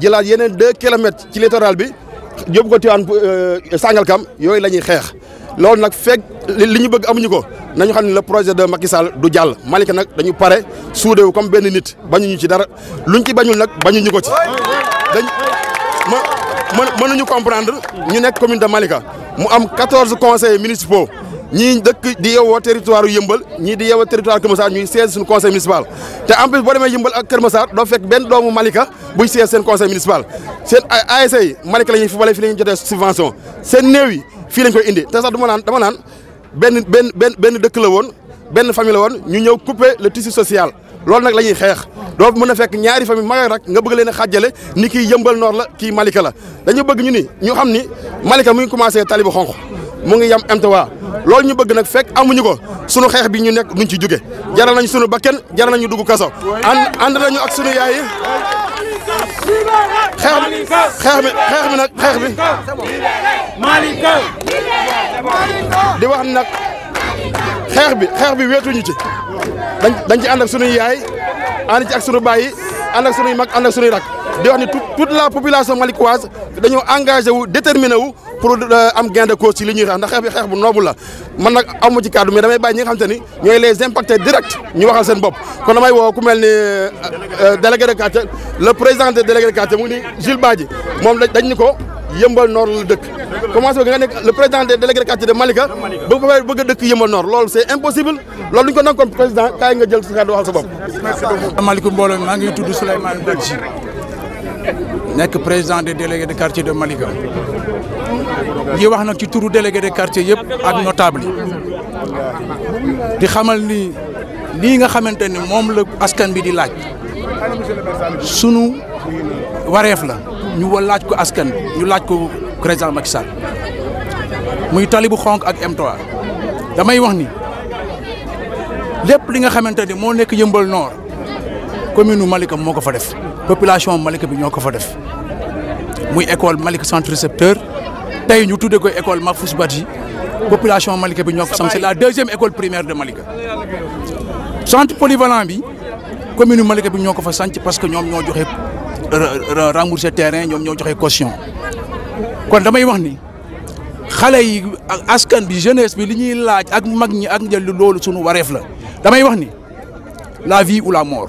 jëlaat yeneen deux kilomètres ci littoral bi yóbbu ko Tivaouane euh, Sangalkam yooyu la ñuy xeex loolu nag fekk li ñu bëgg amuñu ko nañu xam ne la projet de Macky Sall du jàll Malika nag dañu pare suude wu comme benn nit bañuñu ci dara luñ ci bañul nag bañuñu ko ci dañ ma mënuñu comprendre ñu nekk commune de Malika mu am quatorze conseillers municipaux ñii dëkk di yeewoo territoire yëmbal dia di yeewoo territoire Kër Massar ñuy siège suñu conseil municipal te en plus boo demee yëmbal ak Kër doo fekk benn doomu Malika buy siège seen conseil municipal seen ay ASC yi Malika la ñuy fubale fii la ñuy jotee subvention seen néew yi fii lañ koy indi te sax dama naan dama naan benn benn benn benn dëkk la woon benn famille la woon ñu ñëw couper le tissu social loolu nag la ñuy xeex doo mën a fekk ñaari famille mag rak nga bëgg leen xàjjale ni kii yëmbal noor la kii Malika la dañu bëgg ñu ni ñu xam ni Malika mu ngi commencé talibu xonq mu ngi yam MTWA loolu ñu bëgg nag fekk amuñu ko sunu xeex bi ñu nekk duñ ci jóge jaral nañ sunu bakkan jaral nañu dugg kaso ànd ànd nañu ak sunu yaay yi xeex bi xeex bi bi nag xeex wax nag xeex bi xeex bi weetuñu ci dañ dañ ci ànd ak sunuy ci ak sunu baay yi ànd ak mag ànd ak sunuy rak di wax ni toute la population malickoise dañoo engagé wu déterminé wu pour euh, am gain de cause ci li ñuy xeex ndax xeex bi bu noble la man nak amu ci cadre mais damay bay ñi nga xamante ni ñooy les impactés direct ñu waxal seen bop kon damay wo ku melni euh, euh, délégué de quartier le président de délégué de quartier mu ni Jules Badji mom dañ ni ko yëmbal noor la dëkk commencé nga nek le président de délégué de quartier de Malika ba ba bëgg dëkk yëmbal noor lool c'est impossible loolu duñ ko nangoon président kay nga jël sa kàddu waxal sa bop merci beaucoup. ma ngi tudd Souleymane Badji. nekk président des délégués de quartier de Malika yi wax nag ci turu délégué de quartier yëpp ak notable di xamal ni lii nga xamante ni moom la askan bi di laaj sunu wareef la ñu laaj ko askan bi ñu laaj ko président Macky Sall muy tali bu xonk ak m damay wax ni lépp li nga xamante ni moo nekk yëmbal noor commune u Malika moko fa def population Malika bi ñoko fa def muy école Malika centre récepteur tay ñu tuddee ko école Mahfouz Badji population Malika bi ñoko sam c'est la deuxième école primaire de Malika centre polyvalent bi commune u Malika bi ñoko fa sanc parce que ñom ñoo joxé rembourser terrain ñom ñoo joxé caution kon damay wax ni xalé yi ak askan bi jeunesse bi li ñuy laaj ak mag ñi ak njël lolu suñu waréf la damay wax ni la vie ou la mort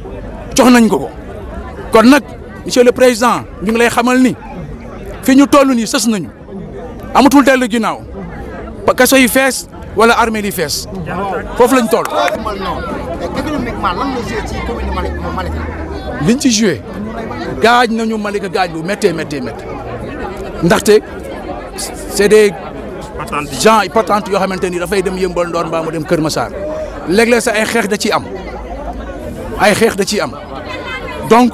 jox nañ ko kon nag monsieur le président ñu ngi lay xamal ni fi ñu toll nii sës nañu amatul dellu ginnaaw kaso yi fees wala armée li fees foofu lañ toll. liñ ci joué gaaj nañu Malika gaaj bu méttee méttee méttee ndaxte c'est des gens patente yoo xamante ni dafay dem yëmbal ndoor mbaa mu dem Kër Massar léeg-léeg sa ay xeex da ciy am. ay xeex da ciy am donc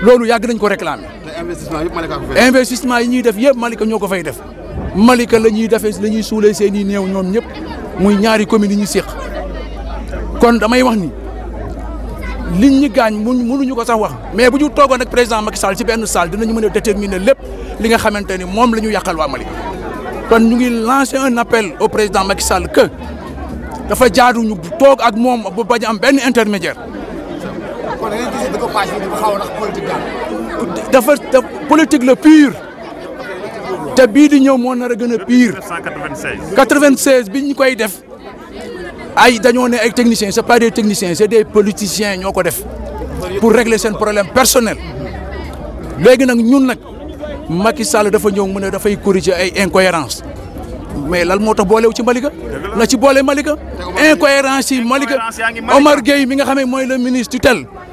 loolu yàgg nañ ko réclamer. investissement yi ñuy def yëpp Malika ñoo ko fay def Malika la ñuy defee la ñuy suulee seen i néew ñoom ñëpp muy ñaari communes yi ñu séq kon damay wax ni liñ ñu gaañ mu mënuñu ko sax wax mais bu ñu toogoon ak président Macky Sall ci benn salle dinañu mën a déterminer lépp li nga xamante ni moom la ñu yàqal waa Malika. kon ñu ngi lancer un appel au président Macky Sall que dafa jaadu ñu toog ak moom bu bañ am benn intermédiaire. kon da dafa politique le dafa politique la pure. te bii di ñëw moo nar a gën a pire. 96. 96 bi ñu koy def ay dañoo ne ay techniciens c'est pas des techniciens c'est des politiciens ñoo ko def pour régler seen problème personnel. léegi nag ñun nag Macky Sall dafa ñëw mu ne dafay corriger ay incohérences mais lan moo tax boolewu ci Malika na ci boole Malika incohérence yi Malika Omar Gueye mi nga xam ne mooy le ministre tutelle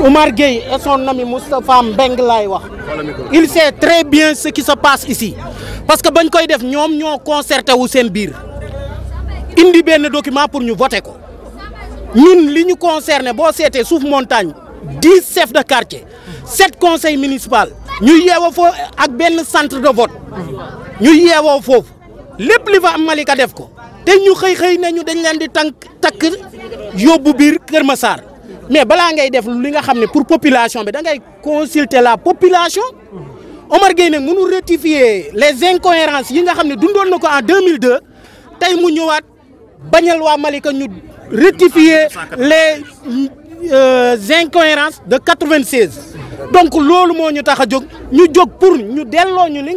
Omar Gueye et son ami Moustapha Mbeng il sait très bien ce qui se passe ici parce que bañ koy def ñoom ñoo concerté wu Il biir indi un document pour ñu voter ko ñun li ñu concerné c'était sous suuf montagne 10 chefs de quartier 7 conseils municipal ñu avons foofu ak benn centre de vote Nous yeewoo foofu lépp li fa am Malika def ko te ñu xëy xëy nañu dañ leen di tànk takk mais balaa ngay def li nga xam pour population bi da ngay consulter la population Omar Gueye nag mënul rectifier les incohérences yi nga xam ne dundoon en 2002 tey mu ñëwaat bañal waa Malika ñu rectifier les euh, incohérences de 96 donc loolu moo ñu pour nous, delloo li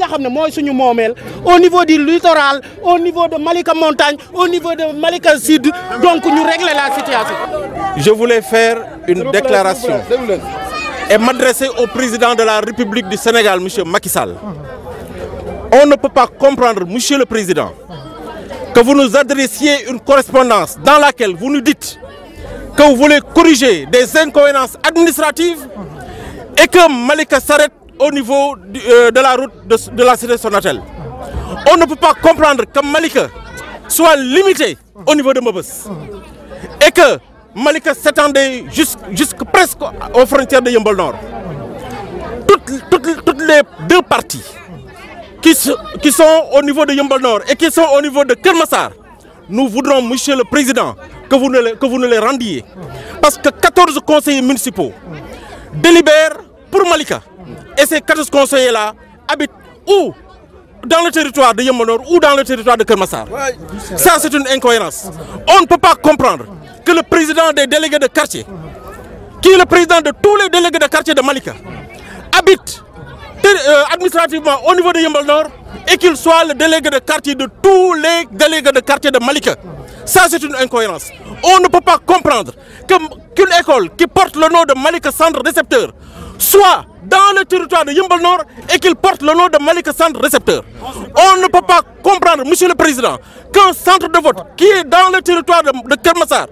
au niveau du littoral au niveau de Malika montagne au niveau de Malika sud donc nous régler la situation. Je voulais faire une déclaration et m'adresser au président de la République du Sénégal M. Macky Sall. On ne peut pas comprendre monsieur le président que vous nous adressiez une correspondance dans laquelle vous nous dites que vous voulez corriger des incohérences administratives et que Malika s'arrête au niveau euh, de la route de, la cité Sonatel. On ne peut pas comprendre que Malika soit limité au niveau de Mobus et que Malika s'étendait jusqu'à presque aux frontières de Yombol Nord. Toutes, les deux parties qui, qui sont au niveau de Yombol Nord et qui sont au niveau de Kermassar, nous voudrons, Monsieur le Président, que vous ne les, que vous ne les rendiez. Parce que 14 conseillers municipaux délibèrent pour Malika. Et ces 14 conseillers-là habitent où dans le territoire de Nord ou dans le territoire de Kermassar. Ça, c'est une incohérence. On ne peut pas comprendre que le président des délégués de quartier, qui est le président de tous les délégués de quartier de Malika, habite euh, administrativement au niveau de Nord et qu'il soit le délégué de quartier de tous les délégués de quartier de Malika. Ça, c'est une incohérence. On ne peut pas comprendre qu'une école qui porte le nom de Malika Sandre Récepteur soit dans le territoire de Yumbal Nord et qu'il porte le nom de Malik Sandre Récepteur. On ne peut pas comprendre, Monsieur le Président, qu'un centre de vote qui est dans le territoire de, Kermassar,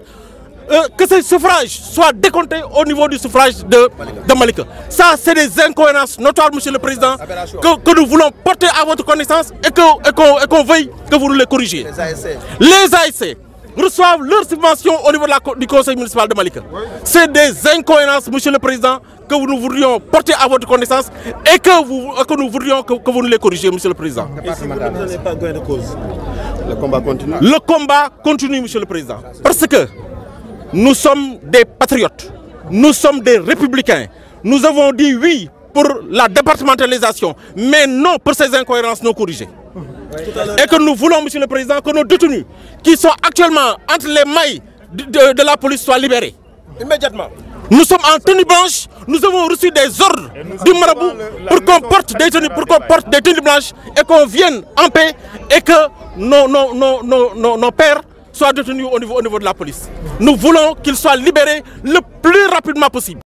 euh, que ce suffrages soit décompté au niveau du suffrage de, de Malika. Ça, c'est des incohérences notoires, Monsieur le Président, que, nous voulons porter à votre connaissance et qu'on veuille que vous nous les corrigiez. Les ASC. Les ASC reçoivent leur subvention au niveau du conseil municipal de Malika. C'est des incohérences, monsieur le président, que nous voudrions porter à votre connaissance et que, nous voudrions que, vous nous les corrigiez, monsieur le président. Le combat continue Le combat continue, monsieur le président. Parce que nous sommes des patriotes, nous sommes des républicains. Nous avons dit oui pour la départementalisation, mais non pour ces incohérences non corrigées et que nous voulons, Monsieur le Président, que nos détenus qui sont actuellement entre les mailles de, la police soient libérés. Immédiatement. Nous sommes en tenue blanche, nous avons reçu des ordres du marabout pour qu'on porte des tenues, pour qu'on porte des tenues blanches et qu'on vienne en paix et que nos, nos, nos, nos pères soient détenus au niveau, au niveau de la police. Nous voulons qu'ils soient libérés le plus rapidement possible.